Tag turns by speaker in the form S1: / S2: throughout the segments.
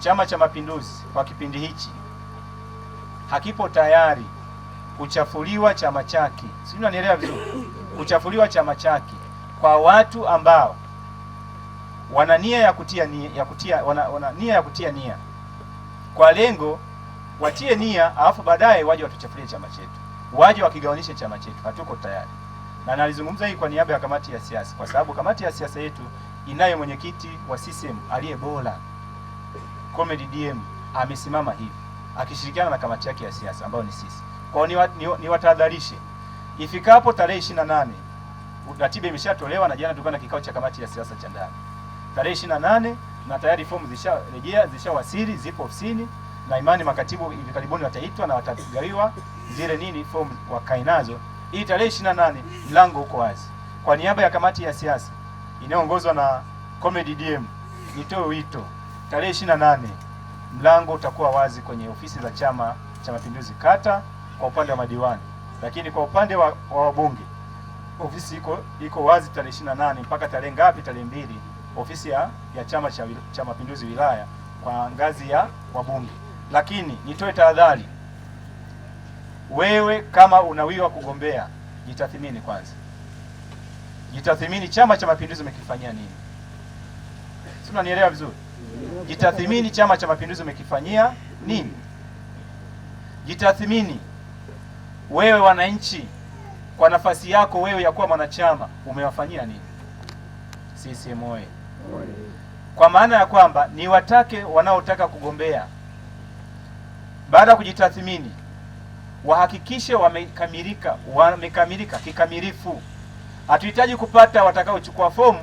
S1: Chama cha Mapinduzi kwa kipindi hichi hakipo tayari kuchafuliwa chama chake, si unanielewa vizuri? Kuchafuliwa chama chake kwa watu ambao wana nia ya kutia nia ya kutia, wana, wana nia ya kutia nia kwa lengo watie nia alafu baadaye waje watuchafulie chama chetu, waje wakigawanishe chama chetu. Hatuko tayari, na nalizungumza hii kwa niaba ya kamati ya siasa, kwa sababu kamati ya siasa yetu inayo mwenyekiti wa CCM aliye bora. Comedy DM amesimama hivi akishirikiana na kamati yake ya siasa ambayo ni sisi. Kwa hiyo niwatahadharishe ni ni ifikapo tarehe 28 ratiba imeshatolewa na jana tulikuwa na kikao cha kamati ya siasa cha ndani tarehe 28 na tayari fomu zisharejea zishawasili zipo ofisini na imani makatibu hivi karibuni wataitwa na watagawiwa zile nini fomu wakae nazo ili tarehe 28 mlango uko wazi. Kwa niaba ya kamati ya siasa inayoongozwa na Comedy DM nitoe wito tarehe 28 mlango utakuwa wazi kwenye ofisi za Chama cha Mapinduzi kata kwa upande wa madiwani, lakini kwa upande wa wabunge ofisi iko iko wazi tarehe 28 mpaka tarehe ngapi? Tarehe mbili, ofisi ya, ya Chama cha, cha Mapinduzi wilaya kwa ngazi ya wabunge. Lakini nitoe tahadhari, wewe kama unawiwa kugombea, jitathimini kwanza, jitathimini Chama cha Mapinduzi umekifanyia nini. Si unanielewa vizuri? jitathimini Chama cha Mapinduzi umekifanyia nini? Jitathimini wewe wananchi, kwa nafasi yako wewe ya kuwa mwanachama umewafanyia nini CCM oye? Kwa maana ya kwamba ni watake wanaotaka kugombea, baada ya kujitathimini, wahakikishe wamekamilika, wamekamilika kikamilifu. Hatuhitaji kupata watakaochukua fomu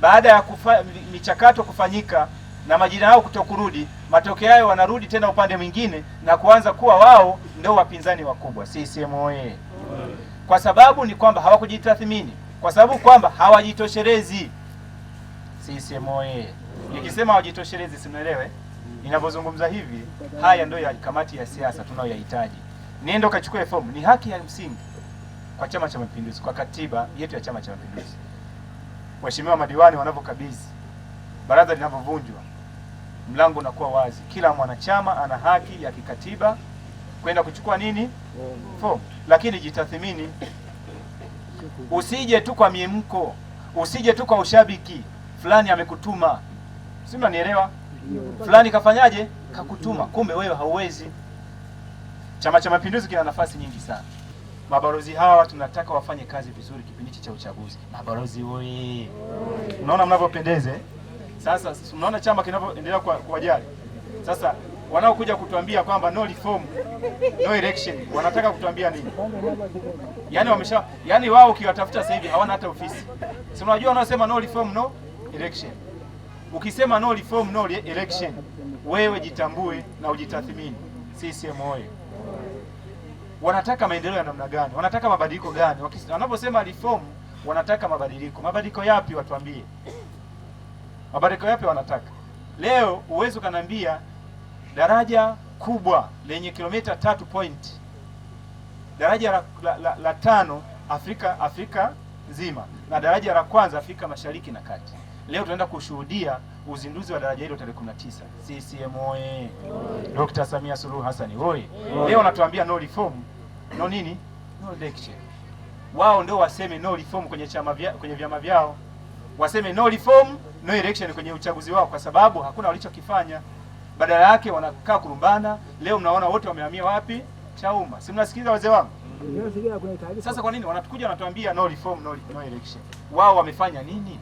S1: baada ya kufa, michakato kufanyika na majina yao kutokurudi, matokeo hayo wanarudi tena upande mwingine na kuanza kuwa wao ndio wapinzani wakubwa. CCM oyee! Kwa sababu ni kwamba hawakujitathmini, kwa sababu kwamba hawajitoshelezi. CCM oyee! Nikisema hawajitoshelezi, simwelewe eh? ninavyozungumza hivi. Haya ndio ya kamati ya siasa tunayoyahitaji. Nienda ukachukue fomu, ni haki ya msingi kwa Chama cha Mapinduzi, kwa katiba yetu ya Chama cha Mapinduzi, waheshimiwa madiwani wanavyokabidhi baraza linapovunjwa mlango unakuwa wazi. Kila mwanachama ana haki ya kikatiba kwenda kuchukua nini fomu, lakini jitathimini usije tu kwa miemko, usije tu kwa ushabiki fulani amekutuma, si mnanielewa? Fulani kafanyaje, kakutuma, kumbe wewe hauwezi. Chama cha Mapinduzi kina nafasi nyingi sana. Mabalozi hawa tunataka wafanye kazi vizuri kipindi cha uchaguzi. Mabalozi wewe, Unaona mnavyopendeze eh? Sasa unaona chama kinavyoendelea kuwajali. Sasa wanaokuja kutuambia kwamba no reform, no election, wanataka kutuambia nini? Yaani wamesha, yani, wao ukiwatafuta sasa hivi hawana hata ofisi. Si unajua wanaosema no reform, no election. Ukisema no reform, no election, wewe jitambue na ujitathmini. CCM oyee! Wanataka maendeleo ya namna gani? Wanataka mabadiliko gani? Wanaposema reform, wanataka mabadiliko. Mabadiliko yapi? Watuambie mabadiliko yapi wanataka. Leo uwezi ukaniambia daraja kubwa lenye kilomita tatu point daraja la, la, la, la tano Afrika Afrika nzima na daraja la kwanza Afrika Mashariki na Kati. Leo tunaenda kushuhudia uzinduzi wa daraja hilo tarehe 19. CCM oye! Dr. Samia Suluhu Hassan oye! Leo natuambia no reform, no nini, no lecture. Wao ndio waseme no reform kwenye chama vya, kwenye vyama vyao waseme no reform no election kwenye uchaguzi wao, kwa sababu hakuna walichokifanya. Badala yake wanakaa kurumbana. Leo mnaona wote wamehamia wapi? Chauma. Si mnasikiliza wazee wangu? Sasa kwa nini wanatukuja wanatuambia no reform no, no election? Wao wamefanya nini?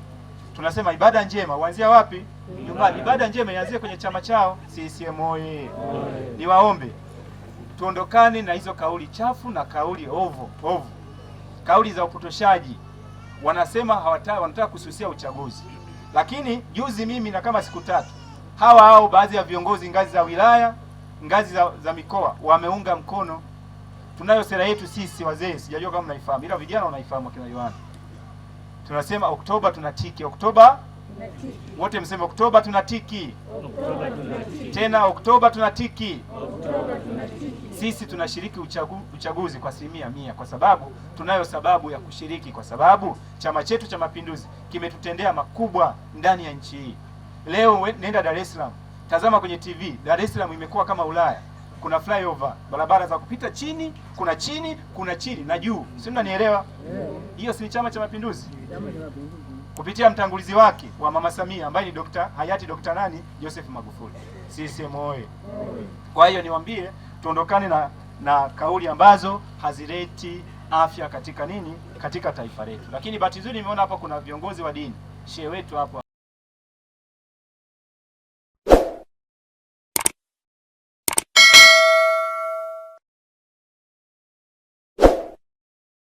S1: Tunasema ibada njema huanzia wapi? Nyumbani. Ibada njema ianzie kwenye chama chao CCM Niwaombe tuondokane na hizo kauli chafu na kauli ovu ovu, kauli za upotoshaji wanasema hawata, wanataka kususia uchaguzi, lakini juzi mimi na kama siku tatu hawa hao baadhi ya viongozi ngazi za wilaya, ngazi za, za mikoa wameunga mkono. Tunayo sera yetu sisi wazee, sijajua kama mnaifahamu, ila vijana wanaifahamu, akina Yohana, tunasema Oktoba tunatiki, Oktoba wote mseme Oktoba tunatiki, Oktoba tunatiki, tena Oktoba tunatiki sisi tunashiriki uchagu, uchaguzi kwa asilimia mia, kwa sababu tunayo sababu ya kushiriki, kwa sababu chama chetu cha Mapinduzi kimetutendea makubwa ndani ya nchi hii. Leo nenda Dar es Salaam, tazama kwenye TV, Dar es Salaam imekuwa kama Ulaya. Kuna flyover, barabara za kupita chini, kuna chini, kuna chini na juu, si mnanielewa? Hiyo si chama cha Mapinduzi kupitia mtangulizi wake wa mama Samia ambaye ni dokta hayati dokta nani Joseph Magufuli. CCM oye! Kwa hiyo niwaambie tuondokane na, na kauli ambazo hazileti afya katika nini, katika taifa letu. Lakini bahati nzuri nimeona hapa kuna viongozi wa dini, shehe wetu hapa